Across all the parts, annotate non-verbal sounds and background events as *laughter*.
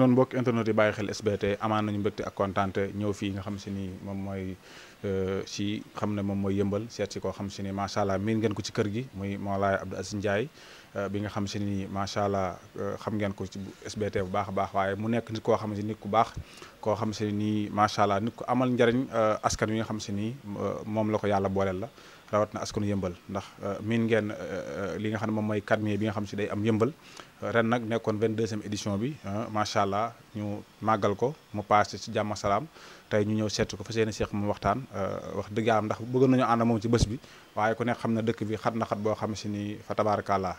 noonu mbokk internet yi bàyyi xel SBT amaan nañu mbégte ak kontante ñëw fii nga xam si ni moom mooy si euh, xam ne moom mooy yëmbal seet koo xam si ni macha allah miin ngeen ko ci kër gi muy Mawlaay Abdou Aziz Ndiaye euh, bi nga xam si ni macha allah euh, xam ngeen ko ci SBT bu baax a baax waaye mu nekk nit koo xam si nit ku baax koo xam si nii macha allah nit ko amal njariñ askan wi nga xam si ni moom la ko yàlla booleel la. rawat na askanu yëmbal ndax euh, miin ngeen euh, euh, li nga xam ne moom mooy kadmier bi nga xam si day am yëmbal ren nag nekkoon 22e édition bi macha allah ñu màggal ko mu passé si jàmm salaam tey ñu ñëw seet ko fa seen seex mu waxtaan wax dëgg yàlla ndax bëggoon nañu ànd moom ci bés bi waaye ku nekk xam na dëkk bi xat na xat boo xam si ni fa tabaarakàllaa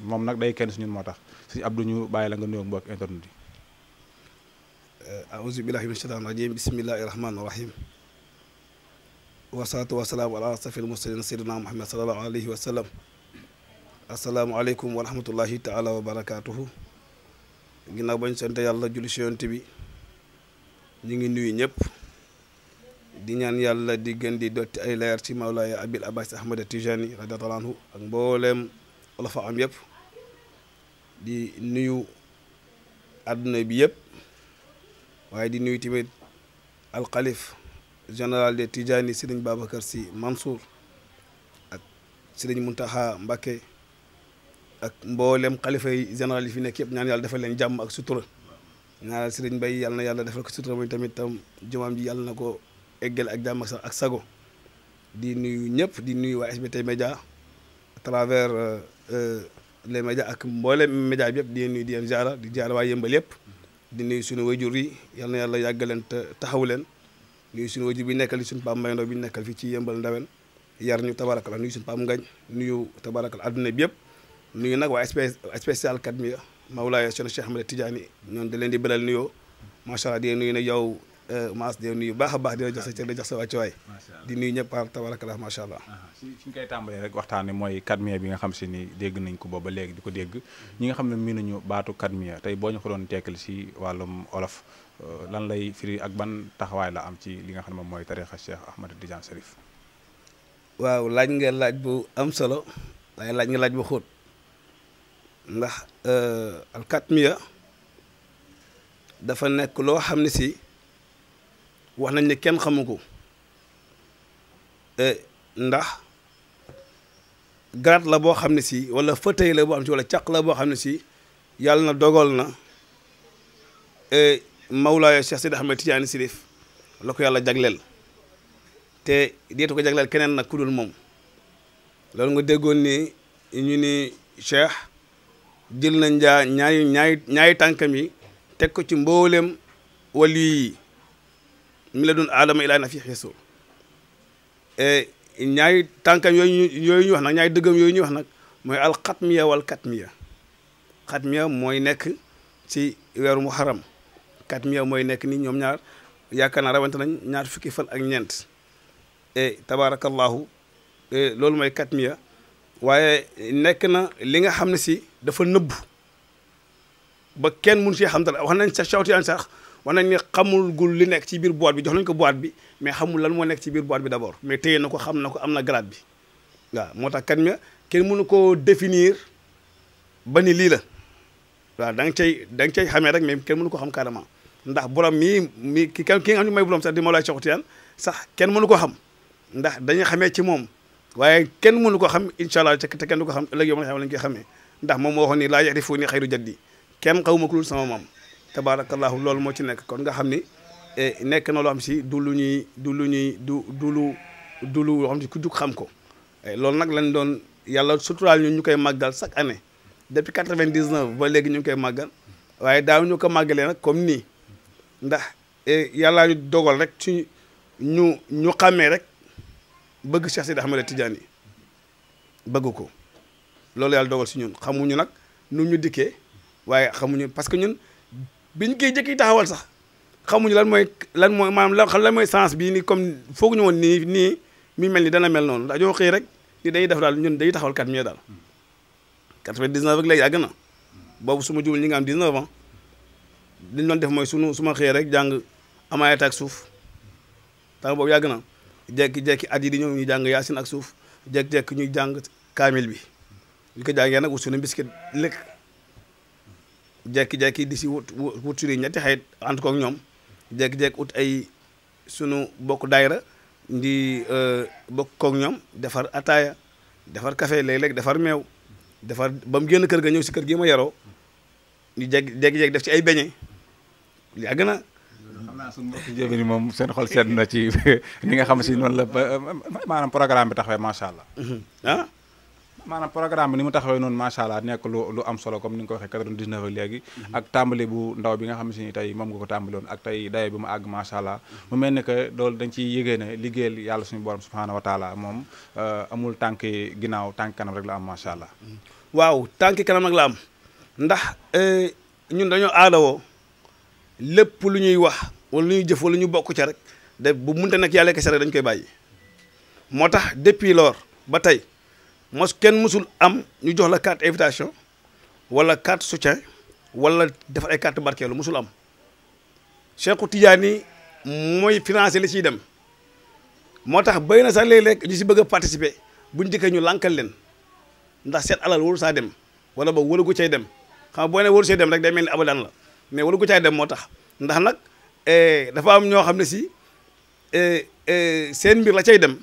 moom nag day kenn si ñun moo tax si Abdou ñu bàyyi la nga nuyoo mbokk internet yi. auzu billaahi mina shaytaani rajiim bismillaahi rahmaani rahiim. wasalaatu wasalaamu ala asrafil mursalin sayyidina muhammad sallallahu alayhi wa sallam asalaamualeykum wa rahmatullahi taala wa barakaatuhu ginnaaw bañ sant yàlla julli si yonent bi ñu ngi nuyu ñëpp di ñaan yàlla di gën di ay leer ci mawlaaya abil abbas ahmad tijani radiyallahu anhu ak mbooleem olofa am yëpp di nuyu àdduna bi yëpp waaye di nuyu tamit alxalif général de Tidjani Serigne Babacar Sy Mansour ak Serigne Mountakha mbake ak mboolem xalifa yi général yi fi nekk yëpp ñaan yàlla defal leen jàmm ak sutura ñaanal Serigne Mbaye yàlla na yàlla defal ko sutura mooy tamit tam jumaam ji yàlla na ko eggale ak jàmm ak sago di nuyu ñëpp di nuyu waa SBT Média à travers euh, euh, les médias ak mboolem média bi yëpp di nuyu di leen jaara di jaara waa yëmbal yëpp di nuyu suñu wayjur yi yàlla na yàlla yàggaleen te taxaw leen nuyu suñu wajur bi nekkal suñu paam Mbaye Ndaw bi nekkal fii ci yëmbal ndawen yar ñu tabarakala nuyu suñu paam ngañ nuyu tabarakala adduna bi yëpp nuyu nag waa spécial kat mi Mawlaaya Cheikh Ahmed Tidiane ñoom da leen di beral nuyoo macha allah di nuyu ne yow Euh, maas di nuyu baax a baax di la jox sa cër di jox sa wàccuwaay di nuyu ñëpp par ah, tabarakallah macha allah si suñ koy tàmbalee rek waxtaane mooy kadmiya bi nga xam si ni dégg nañ ko booba léegi di ko dégg ñi nga xam ne mii nañu baatu kadmiya tey boo ñu ko doon tekkal si wàllum olof euh, lan lay firi ak ban taxawaay la am ci li nga xam ne moom mooy tarixa Cheikh Ahmad Tidiane Chérif waaw laaj nga laaj bu am solo waaye laaj nga laaj bu xóot ndax euh, al kadmiya dafa nekk loo xam ne si wax nañ ne kenn xamu ko eh, ndax grade la boo xam ne si wala fauteuil la boo xam ne si wala caq la boo xam ne si yàlla na dogal na eh, Mawlaaya Cheikh Sidi Ahmed Tidiane Sirif la ko yàlla jagleel te deetu ko jagleel keneen nag ku dul moom loolu nga déggoon ni ñu ni Cheikh jël na jaa ñaari ñaari ñaari tànkam yi teg ko ci mbooleem wali yi mi la dun aadama ilaa na fi e ñaari tànkam yooyu yooyu ñu wax nag ñaari dëggam yooyu ñu wax nag mooy alxatmiya wal katmiya xatmiya mooy nekk ci weeru muharram katmiya mooy nekk nii ñoom ñaar yaakaar naa rawante nañ ñaar fukki fan ak ñeent e tabaarakallahu e, loolu mooy katmiya waaye nekk na li nga xam ne si dafa nëbb ba kenn mun si xam dara wax nañ sa cawtiyaan sax war nañ ne xamul gul li nekk ci biir boîte bi jox nañ ko boîte bi mais xamul lan moo nekk ci biir boîte bi d' abord mais téye na ko xam na ko am na grade bi waaw moo tax kan mi kenn mënu koo définir ba ni lii la waaw da nga cay da nga cay xamee rek mais kenn mënu ko xam carrément ndax borom mii mi ki ki nga xam ne mooy borom sax di Mawlaay Cheikh Tijaan mënu ko xam ndax dañuy xamee ci moom waaye kenn mënu ko xam incha allah te kenn du ko xam ëllëg yow ma xam lañ koy xamee ndax moom moo waxoon ni laa yaxrifu ni xayru jaddi kenn xawuma ku dul sama maam tabaarakallaahu loolu moo ci nekk kon nga xam ni e, nekk na loo xam si du lu ñuy du lu ñuy du du lu du lu loo xam si ku jug xam ko e, loolu nag lañ doon yàlla suturaal ñu ñu koy màggal chaque année depuis quatre-vingt-dix-neuf ba ñu ngi koy màggal waaye daaw ñu ko màggalee nag comme nii ndax e, yàlla ñu dogal rek ci ñu ñu xàmmee rek bëgg Cheikh Sidi Ahmed Tidiane yi bëgg ko loolu yàlla dogal si ñun xamuñu nag nu ñu dikkee waaye xamuñu parce que ñun biñ koy jëkki taxawal sax xamuñu lan mooy lan mooy maanaam lan mooy sens bii nii comme fooguñu woon nii nii mi mel ni dana mel noonu dañoo xëy rek ni dañuy def daal ñun dañuy taxawal kat mille daal. quatre vingt dix léegi yàgg na boobu su ma jubal ñi nga am 19 doon def mooy sunu su ma xëyee rek jàng amaayat ak suuf tax boobu yàgg na jekki-jekki at yi di ñëw ñuy jàng yaasin ak suuf jekk-jekk ñuy jàng kaamil bi ñu ko jàngee nag wut suñu biscuit lekk. jekki-jekki di si wut wut sunu ñetti xayit ànd kook ñoom jekki-jekki ut ay sunu bokk daayra di euh, bokk kook ñoom defar ataaya defar kafe léeg-léeg defar meew defar ba mu génn kër ga ñëw si kër gi ma yaroo ñu jekki-jekki def ci ay beñe li àgg na xam naa suñu mbokk jëbëri moom seen xol sedd na ci li *laughs* nga xam si noonu la maanaam programme bi taxawee macha allah mm-hmm. ah? maanaam programme ni mu taxawee noonu macha allah nekk lu lu am solo comme ni nga ko waxee 99 ak léegi mhm. ak tàmbali bu ndaw bi nga xam si ni tey moom nga ko tàmbali woon ak tey daye bi mu àgg macha allah mu mel ni que loolu dañ ciy yëgée ne liggéeyal yàlla suñu borom subhaanahu wa taala moom euh, amul tànk ginnaaw tànk kanam rek la am macha allah mhm. waaw tànk kanam rek la am ndax euh, ñun dañoo aadawoo lépp lu ñuy wax wala lu ñuy jëf wala ñu bokk ca rek de bu munte nekk yàlla kese rek dañ koy bàyyi moo tax depuis lors ba tey mos kenn mosul am ñu jox la carte invitation wala carte soutien wala defar ay carte barkeelu mosul am Cheikhu Tidiane mooy financé li ciy dem moo tax béy na sax léeg-léeg ñu si bëgg a participer buñ dikkee ñu lànkal leen ndax seen alal waru saa dem wala boog waru gu cay dem xam boo nee waru see dem rek day mel ni abadan la mais waru gu cay dem moo tax ndax nag eh, dafa am ñoo xam ne si eh, eh, seen mbir la cay dem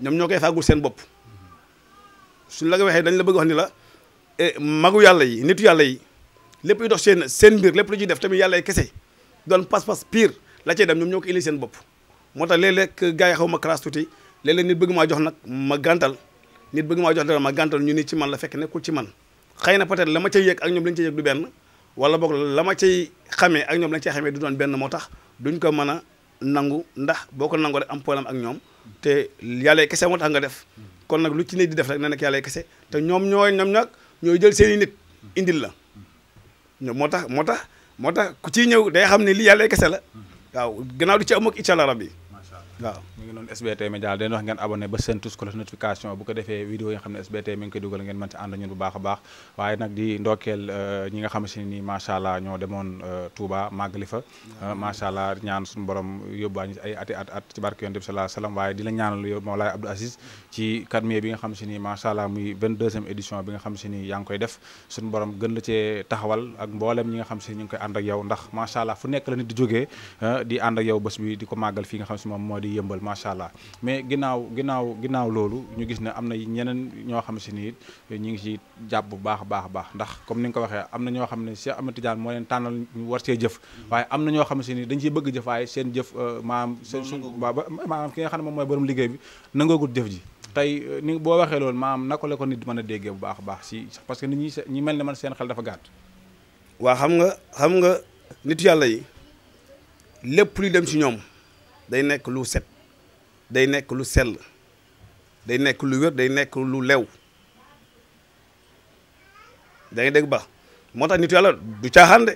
ñoom ñoo koy fàggul seen bopp. suñ la ko waxee dañ la bëgg wax ni la eh, magu yàlla yi nitu yàlla yi lépp luy dox seen seen mbir lépp lu ñuy def tamit yàlla yi kese doon pas-pas piir la cay dem ñoom ñoo ko indi seen bopp moo tax léeg-léeg gars yi xaw ma classe tuuti léeg nit bëgg maa jox nag ma gàntal nit bëgg maa jox dara ma gàntal ñu nii ci man la fekk nekkul ci man xëy na peut-être la ma cay yëg ak ñoom lañ cay yëg du benn wala boog la ma cay xamee ak ñoom lañ cay xamee du doon benn moo tax duñ ko mën a nangu ndax boo ko nangoo rek am problème ak ñoom te yàlla kese moo tax nga def kon nag lu ci ne di def rek na nekk yàlla kese te ñoom ñooy ñoom nag ñooy jël seen i nit indil la ñoom moo tax moo tax moo tax ku ciy ñëw day xam ne lii yàlla kese la waaw gannaaw du ci am ak incha allah waaw mu ngi noonu SBT Média dañu wax ngeen abonné ba seen tous cloche notification bu ko defee vidéo yi nga xam ne SBT mi ngi koy dugal ngeen mën a baax euh, nga fa macha allah euh, euh, ñaan suñu borom yóbbuwaa ñu ay ati at at ci la ñaanal yow Mawlaay Abdou Aziz ci 4 xam si ni macha allah muy 22e édition bi nga xam si ni yaa ngi koy def suñu borom gën la cee taxawal ak mboolem ñi nga xam si ni ñu ngi koy ànd ak yow ndax macha allah fu nekk la nit di jógee di ànd ak yow bi di ko màggal fii nga xam si moom moo di yëmbal macha allah mais ginnaaw ginnaaw ginnaaw loolu ñu gis ne am na ñeneen ñoo xam si ni ñu ngi si jàpp bu baax a baax a baax ndax comme ni nga ko waxee am na ñoo xam ne Cheikh Ahmed Tidiane moo leen tànnal ñu war see jëf am na ñoo xam ni dañ ciy bëgg jëf waaye seen jëf euh, maanaam seen su maanaam ki nga xam ne moom mooy borom liggéey bi nangoogul jëf ji tey euh, ni boo waxee loolu maam naka la ko nit mën a déggee bu baax a baax si parce que nit ñi ñi mel ne man seen xel dafa gàtt waa xam nga xam nga nit yàlla yi lépp luy dem ci ñoom day nekk lu set day nekk lu sell day nekk lu wér day nekk lu lew day ngay dégg ba moo tax nitu yàlla du caaxaan de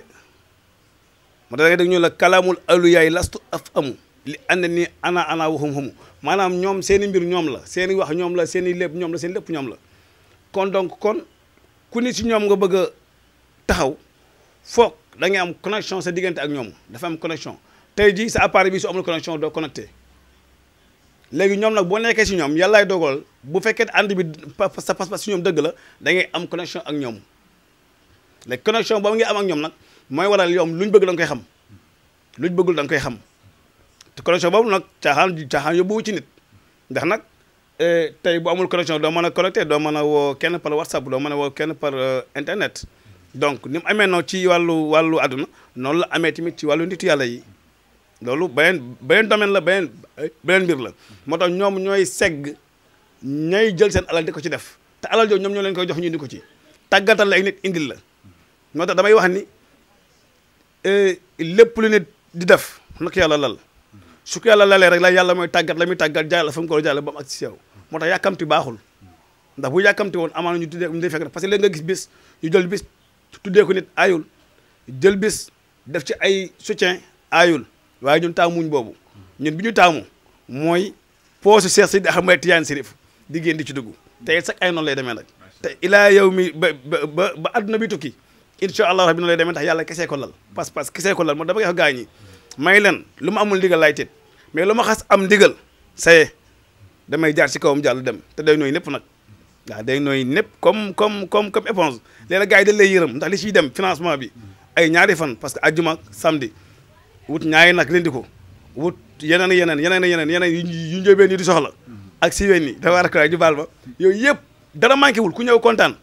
da ngay dégg ñu la kalaamul aluyaay lastu af amu li ànd ni ana ana waxum xumu maanaam ñoom seeni mbir ñoom la seeni wax ñoom la seen i lépp ñoom la seen lépp ñoom la kon donc kon ku ni ñoom nga bëgg a taxaw foog da am connexion sa diggante ak ñoom dafa am connexion tey jii sa appareil bi su amul connexion doo connecté léegi ñoom nag boo nekkee si ñoom yàllaay dogal bu fekkee ànd bi sa pas-pas si ñoom dëgg la da ngay am connexion ak ñoom léegi connexion boobu ngay am ak ñoom nag mooy waral yoom luñ bëgg da koy xam luñ bëggul da nga koy xam te boobu nag caaxaan caaxaan yóbbuwu ci nit ndax nag eh, tey bu amul connexion doo mën a connecté doo mën a woo kenn par whatsapp doo mën a woo kenn par eh, internet donc ni mu amee noonu ci wàllu wàllu àdduna noonu la amee tamit ci wàllu nitu yàlla yi loolu beneen beneen domaine la beneen beneen mbir la moo tax ñoom ñooy segg ñay jël seen alal di ko ci def te alal jooju ñoom ñoo leen koy jox ñu indi ko ci tàggatal la ay nit la moo tax damay wax ni eh, lépp lu nit di def na ko yàlla lal su ko yàlla lalee rek la yàlla mooy tàggat la muy tàggat jaay la fa mu ko jaay la ba mu ak si yow moo tax yàkkamti baaxul ndax bu yàkkamti woon amaana ñu tuddee ñu fekk parce que léegi nga gis bis ñu jël bis tuddee ko nit ayul jël def ci ay soutien aayul waaye ñun taamuñ boobu ñun bi ñu taamu mooy poche Cheikh Sidi Ahmed Tidiane Chérif di génn di ci dugg te it sax ay noonu lay demee nag te ilaa yow mi ba ba ba adduna bi tukki incha allah rabbi noonu lay demee tax yàlla kesee ko lal parce parce kesee ko lal moo dama koy wax gaañ yi leen lu ma amul ndigal laay tét mais lu ma xas am ndigal saye damay jaar si ci kawam jàll dem te day nooy népp nag waaw day nooy népp comme comme comme comme éponge léeg-léeg gars yi dañ ndax li ciy dem financement bi ay ñaari fan parce que ajjuma samedi wut ñaari nag leen di ko wut yeneen yeneen yeneen yeneen yeneen yu njóobeen yi di soxla ak siween yi dafa rek baal ma yooyu yëpp dara manqué wul ku ñëw kontaan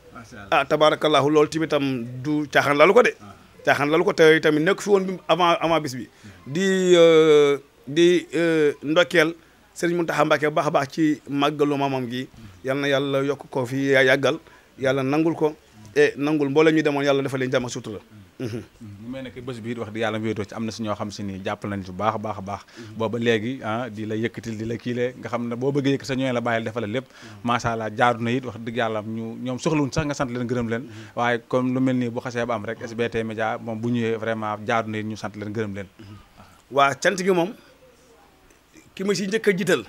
ah tabaarakallaahu loolu timitam du caaxaan lalu ko de ah. caaxaan lalu ko tamit nekk fi woon bi avant avant bis bi di euh, di euh, ndokkeel Sëriñ Muntaxa Mbàkke baax a baax ci màggalu maamam gi yal na yàlla yokk ko fi yàggal yàlla nangul ko e nangul mboolem ñu demoon yàlla dafa leen jàmm ak sutura mm-hmm. Mm-hmm. mu mel ne que bés bi wax di yàlla wéetoo ci am na si ñoo xam si ni jàpp nañ bu baax baax a baax mm-hmm. booba léegi ah la yëkkatil di la kiilee nga xam ne boo bëggee yëkkati sa ñooy la bàyyil defal la lépp macha allah jaaru na it wax dëgg yàlla ñu ñoom soxlawuñ sax nga sant leen gërëm leen waaye comme lu mel nii bu xasee ba am rek SBT Média moom bu ñëwee vraiment jaaru na ñu sant leen gërëm leen waa cant gi moom ki ma si njëkk a jiital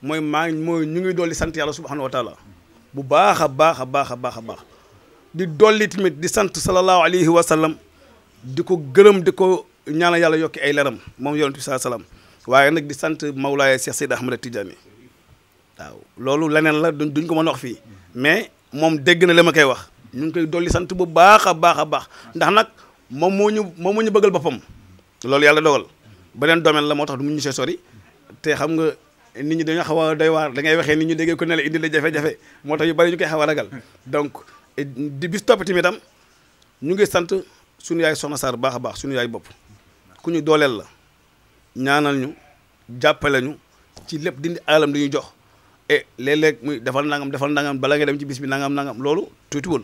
mooy maa mooy ñu ngi dolli sant yàlla subhanahu wa taala bu baax a baax a baax a baax a baax di dolli tamit di sant sallallahu alayhi wa sallam di ko gërëm di ko ñaanal yàlla yokki ay leram moom yonent bi saa salaam waaye nag di sant Mawlaaya Cheikh Seydi Ahmed Tidiane waaw loolu leneen la duñ ko mën wax fii mais moom dégg na li ma koy wax ñu ngi koy dolli sant bu baax a baax a baax ndax nag moom moo ñu moom moo ñu bëggal boppam loolu yàlla dogal beneen domaine la moo tax du ñu see sori te xam nga nit ñi dañoo xaw a doy waar da ngay waxee nit ñu déggee ko ne indi la jafe-jafe moo tax yu bari ñu koy xaw a ragal donc di bis topp tamit ñu ngi sant suñu yaay soxna Sarr baax a baax suñu yaay bopp ku ñu dooleel la ñaanal ñu jàppale ñu ci lépp dindi alam di ñu jox e léeg-léeg muy defal nangam defal nangam bala nga dem ci bis bi nangam nangam loolu tuutiwul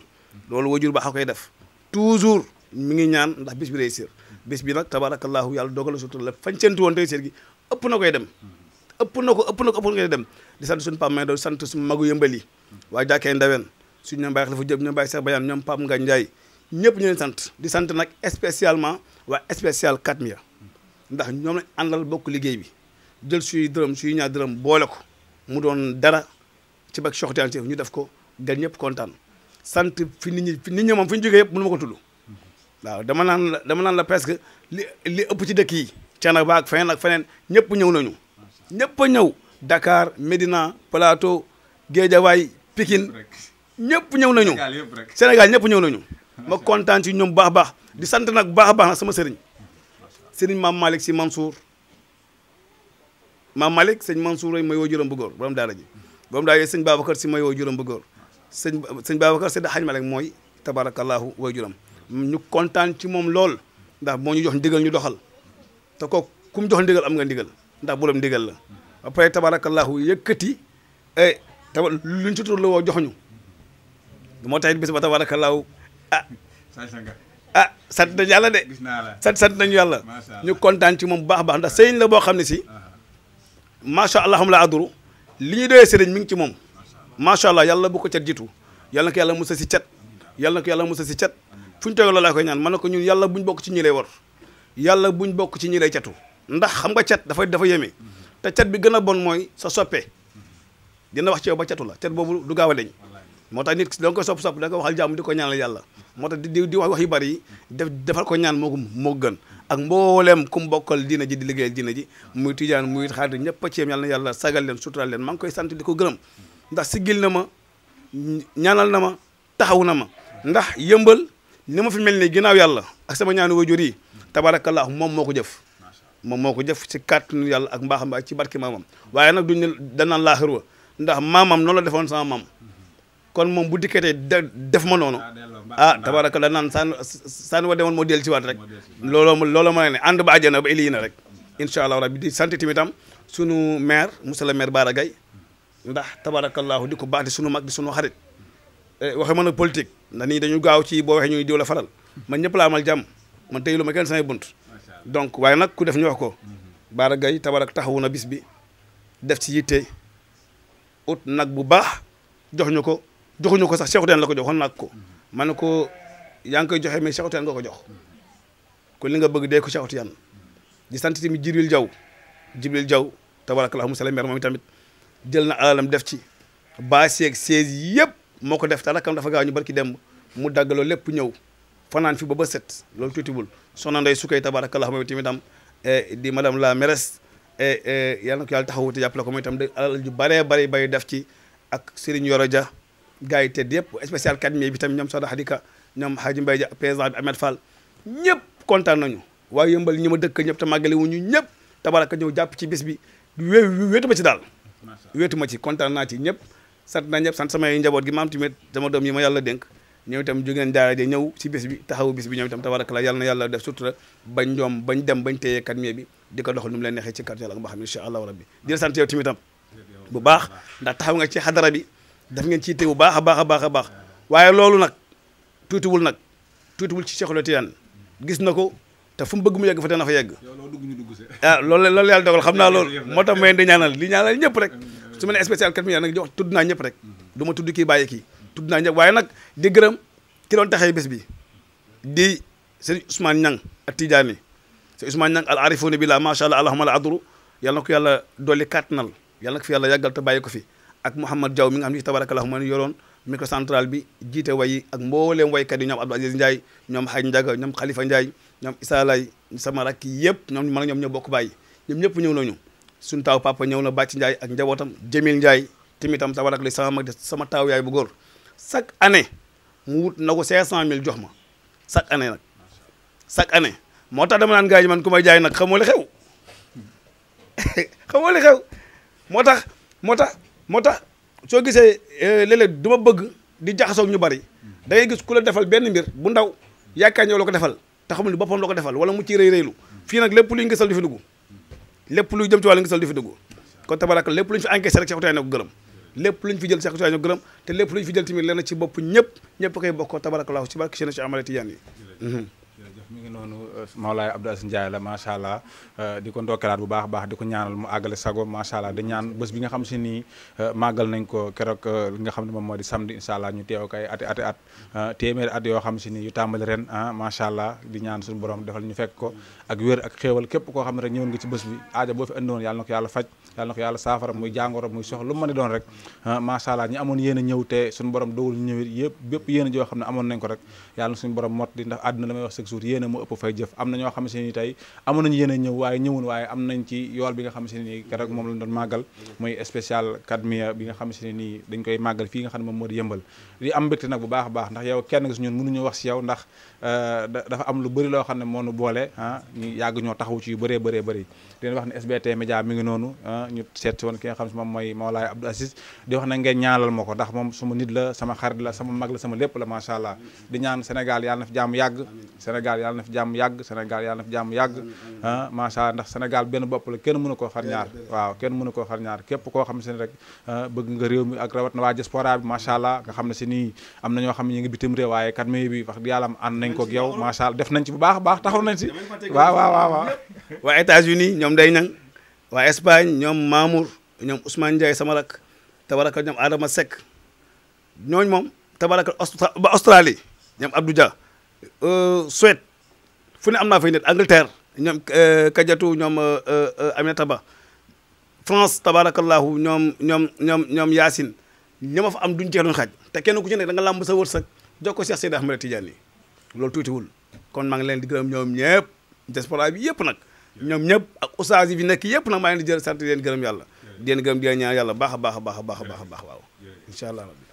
loolu wajur baax a koy def toujours mu ngi ñaan ndax bis bi réussir bis bi nag tabarakallahu yàlla dogal la surtout la fañ séntu woon tey seet gi ëpp na koy dem ëpp na ko ëpp na ko ëpp na koy dem di sant suñu pam do sant suñu magu yëmbal yi waa jàkkee ndawen suñu ñoom Baye Khalifa Diop ñoom Baye Cheikh Badiane ñoom Pape Ngagne Ndiaye ñëpp ñu leen sant di sant nag spécialement waa spécial Katmiya ndax ñoom lañ àndal liggéey bi jël suy dërëm suy dërëm boole ko mu doon dara ci bak Cheikh ñu def ko gan ñëpp kontaan sant fi nit ñi nit ñi moom fi ñu jógee yëpp mënu ma ko tudd waaw naan dama naan la presque li li ëpp ci dëkk yi Thiénaba ak feneen ak feneen ñëpp ñëw nañu ñëpp ñëw Dakar Médina Plateau Guédiawaye pikin ñëpp ñëw nañu Sénégal ñëpp ñëw nañu ma kontaan ci ñoom baax baax di sant nag baax baax nag sama sëriñ sëriñ maam Malick si Mansour maam Malick sëñ Mansour ay may woo juróom bu góor borom daara ji borom daara ji sëñ Babacar si may woo juróom bu góor sëñ sëñ Babacar sëñ Xañ Malick mooy tabarakallahu way ñu kontaan ci moom lool ndax moo ñu jox ndigal ñu doxal te ko ku mu jox ndigal am nga ndigal ndax borom ndigal la après tabarakallahu yëkkati eh taba luñ ci tur la woo jox ñu moo tax it bis ba tabarakallaahu ah ah sant nañu yàlla de sant sant nañu yàlla ñu kontaan ci moom bu baax a baax ndax sëriñ la boo xam ne si macha allahum la aduru li ñuy doyee sëriñ mi ngi ci moom macha allah yàlla bu ko cat jitu yàlla na ko yàlla musa si cat yàlla na ko si cat fu ñu toog laa koy ñaan man na ko ñun yàlla bu buñ bokk ci ñi lay war yàlla ñu bokk ci ñi lay catu ndax xam nga cat dafa dafa yeme mhm. te cat bi gën a bon mooy sa soppee mhm. dina wax ci yow ba catu la cat boobu du gaaw a moo tax nit da nga ko sopp sopp da nga ko waxal jàmm di ko ñaanal yàlla moo tax di di wax wax bari def defal ko ñaan moo ko moo gën ak mbooleem ku mu bokkal diina ji di liggéeyal diina ji muy tijaan muy xaadir ñëpp a ceem yàlla na yàlla sagal leen sutural leen maa koy sant di ko gërëm ndax siggil na ma ñaanal na ma taxaw na ma ndax yëmbal ni ma fi mel nii ginnaaw yàlla ak sama ñaanu wajur yi tabarakallah moom moo ko jëf moom moo ko jëf ci kàttanu yàlla ak mbaaxam ak ci barke maamam waaye nag duñ ne danaan laaxir wa ndax maamam noonu la defoon sama maam kon moom bu dikkatee def ma noonu ah, ah tabaraka la naan saan saan wa demoon moo dell ci waat rek looloo looloo ma ne ànd ba na ba ili na rek incha allah bi di sant timitam sunu maire monsieur le maire Bara Gaye ndax tabarakallahu di ko baax di sunu mag di sunu xarit eh, waxe ma nag politique ndax nii dañu gaaw ci boo waxee ñu diw faral man ñëpp laa jàmm man tey lu ma kenn samay bunt donc waaye nag ku def ñu wax ko mhm. Bara Gaye tabarak taxawu na bis bi def ci ut nag bu baax jox ko joxuñu ko sax Cheikh Tidiane la ko jox waxoon naa ko ma ne yaa ngi koy joxe mais Cheikh nga ko jox kon li nga bëgg dee ko Cheikh Tidiane di sant tamit Jibril Diaw Jibril Diaw tabarakallahu musala meer moom tamit jël na alalam def ci ba seeg sees yëpp moo ko def te dafa gaaw ñu barki dem mu daggaloo lépp ñëw fanaan fi ba ba set loolu tuutiwul soxna Ndeye Sukay tabarakallahu moom tamit am e, di madame la mairesse e, e, yàlla na ko yàlla taxawute jàppale ko moom itam de alal ju baree bari bay def ci ak Serigne Yoro Dia gars yi tedd yëpp spécial cabinet bi tamit ñoom Soxna Xadika ñoom Hadji Mbaye Dia président bi Ahmed Fall ñëpp kontaan nañu waaye yëmbal ñi ma dëkk ñëpp te màggale wuñu ñëpp tabaraka ci bis bi wé wéetu daal wéetu ma kontaan naa ci ñëpp sant naa ñëpp sant samay njaboot gi maam tamit sama doom yi ma yàlla dénk ñoom itam jógeen daara de ñëw ci bis bi taxawu bis bi ñoom itam tabaraka la yàlla na yàlla def sutura bañ ñoom bañ dem bañ téyee cabinet bi di ko doxal nu mu leen neexee ci quartier ak ba xam incha allahu rabbi di sant yow timitam bu baax daf ngeen ciy teewu baax a baax a baax a baax waaye loolu nag tuutiwul nag tuutiwul ci Cheikhul Tidiane gis na ko te fu mu bëgg mu yegg fa dana fa yegg lool ah, loolu loolu yàlla dogal xam naa loolu *laughs* moo tax may di ñaanal di ñaanal ñëpp rek su ma nee spécial 4 milliards nag jox tudd naa ñëpp rek mhm. du ma tudd ki bàyyi kii tudd naa ñëpp waaye nag di gërëm ki doon taxee bés bi di sëñ Ousmane Niang ak Tidiane sëñ Ousmane Niang al arifouni bi la macha allah allahumma la adru yàlla na ko yàlla dolli kàttanal yàlla na ko fi yàlla yàggal te ko fi ak Mouhamad Diaw mi nga xam ne si tabarakallahu moo yoroon microcentrale bi jiite wayi ak mbooleem waykat yi ñoom Abdou Aziz Ndiaye ñoom Xaj Ndiaga ñoom Khalifa Ndiaye ñoom Issa sama rakk yëpp ñoom mën a ñoom ñoo bokk bàyyi ñoom ñëpp ñëw nañu suñu taaw papa ñëw na Bàcc Ndiaye ak njabootam Jamil Ndiaye timitam tabarakallahu sama mag sama taaw yaay bu góor chaque année mu wut na cent mille jox ma chaque année nag chaque année moo tax dama naan gars yi man ku may jaay nag xamoo li xew *laughs* xamoo li moo tax moo tax moo tax soo gisee euh, léeg-léeg du bëgg di jaxasoog ñu bari da ngay gis ku la defal benn mbir bu ndaw yaakaar ñoo la ko defal te xamul ni boppam la ko defal wala mu ciy rëy rëylu fii nag lépp luy ngisal du fi dugg lépp luy jëm ci wàllu ngisal du fi dugg kon tabaraka lépp lu ñu fi encaissé rek Cheikh Tidiane ko gërëm lépp lu ñu fi jël Cheikh Tidiane ko gërëm te fi jël tamit lenn ci bopp ñëpp ñëpp koy bokk tabaraka laahu ci barke Cheikh Ahmed Tidiane yi mu ngi noonu euh, Mawlaay Abdou Aziz Ndiaye la macha allah euh, di ko ndokkeelaat bu baax a baax di ko ñaanal mu àggale sago macha allah di ñaan bés bi nga xam si nii euh, màggal nañ ko keroog li nga xam ne moom moo di samedi incha allah ñu teew kay ati ati at téeméeri at yoo xam si ni yu tàmbali ren ah macha allah di ñaan suñu borom defal ñu fekk ko ak wér ak xéewal képp koo xam ne rek ñëwoon nga ci bés bi aaja boo fi andoon yàlla na ko yàlla faj yàlla na ko yàlla saafara muy jàngoro muy soxla lu doon rek ah, macha allah ñi amoon yéen ñëw te suñu borom dogul ñu ñëwit yëpp bépp yéen a xam ne amoon nañ ko rek yàlla na mot di ndax àdduna la a mu ëpp fay jëf am na ñoo xam ne a ñëw waaye ñëwun waaye am nañ ci yool bi nga xam ne nii keroog moom lañ doon màggal muy spécial kadmiya bi nga xam ne nii dañ koy màggal fii nga xam ne moom moo di yëmbal di am mbégte nag bu baax a baax ndax yow kenn nga si ñun mënuñu wax si yow ndax ah, dafa am lu bari loo xam ne moo nu boole ah ñu yàgg ñoo taxaw ci yu bëree bëree bëri di leen wax ne SBT Média mi ngi noonu ah, ñu seet si woon xam si moom mooy Mawlaay Abdou Aziz di wax na ngeen ñaanal ma ko ndax moom suma nit la sama xarit la sama mag la sama lépp la macha allah na fi jàmm yàgg Sénégal yàlla na fi jàmm yàgg Sénégal yàlla na fi jàmm yàgg ah, benn bopp la kenn mënu koo xar ñaar waaw kenn mënu koo xar ñaar képp koo xam si ne rek ah, bëgg nga réew mi ak rawat na waa xam ne si nii am na ñoo xam ñu ngi bitim réew waaye kat may bi wax di yàlla am ànd nañ ko ak yow macha allah def nañ ci bu baax baax taxaw nañ si waaw waaw waaw waa États-Unis ñoom day ñang waa Espagne ñoom Mamour ñoom Ousmane Ndiaye sama rakk tabaraka ñoom Adama Seck ñooñu moom tabaraka ba Australie ñoom Abdou Dia euh, Suède fu ne am naa fay nit Angleterre ñoom euh, Kadiatou ñoom euh, Aminata Ba France tabarakallahu ñoom ñoom ñoom ñoom Yacine ña fa am duñ jeex duñ xaj te kenn ku ci nekk da nga làmb sa wërsëg jox ko Cheikh Seydi Ahmed Tidiane loolu tuutiwul kon maa ngi leen di gërëm ñoom ñëpp diaspora bi yëpp nag ñoom ñëpp ak ustaas yi fi nekk yëpp nag maa ngi leen di jël sant di leen gërëm yàlla di leen gërëm di leen ñaan yàlla baax a baax a baax a baax a baax waaw allah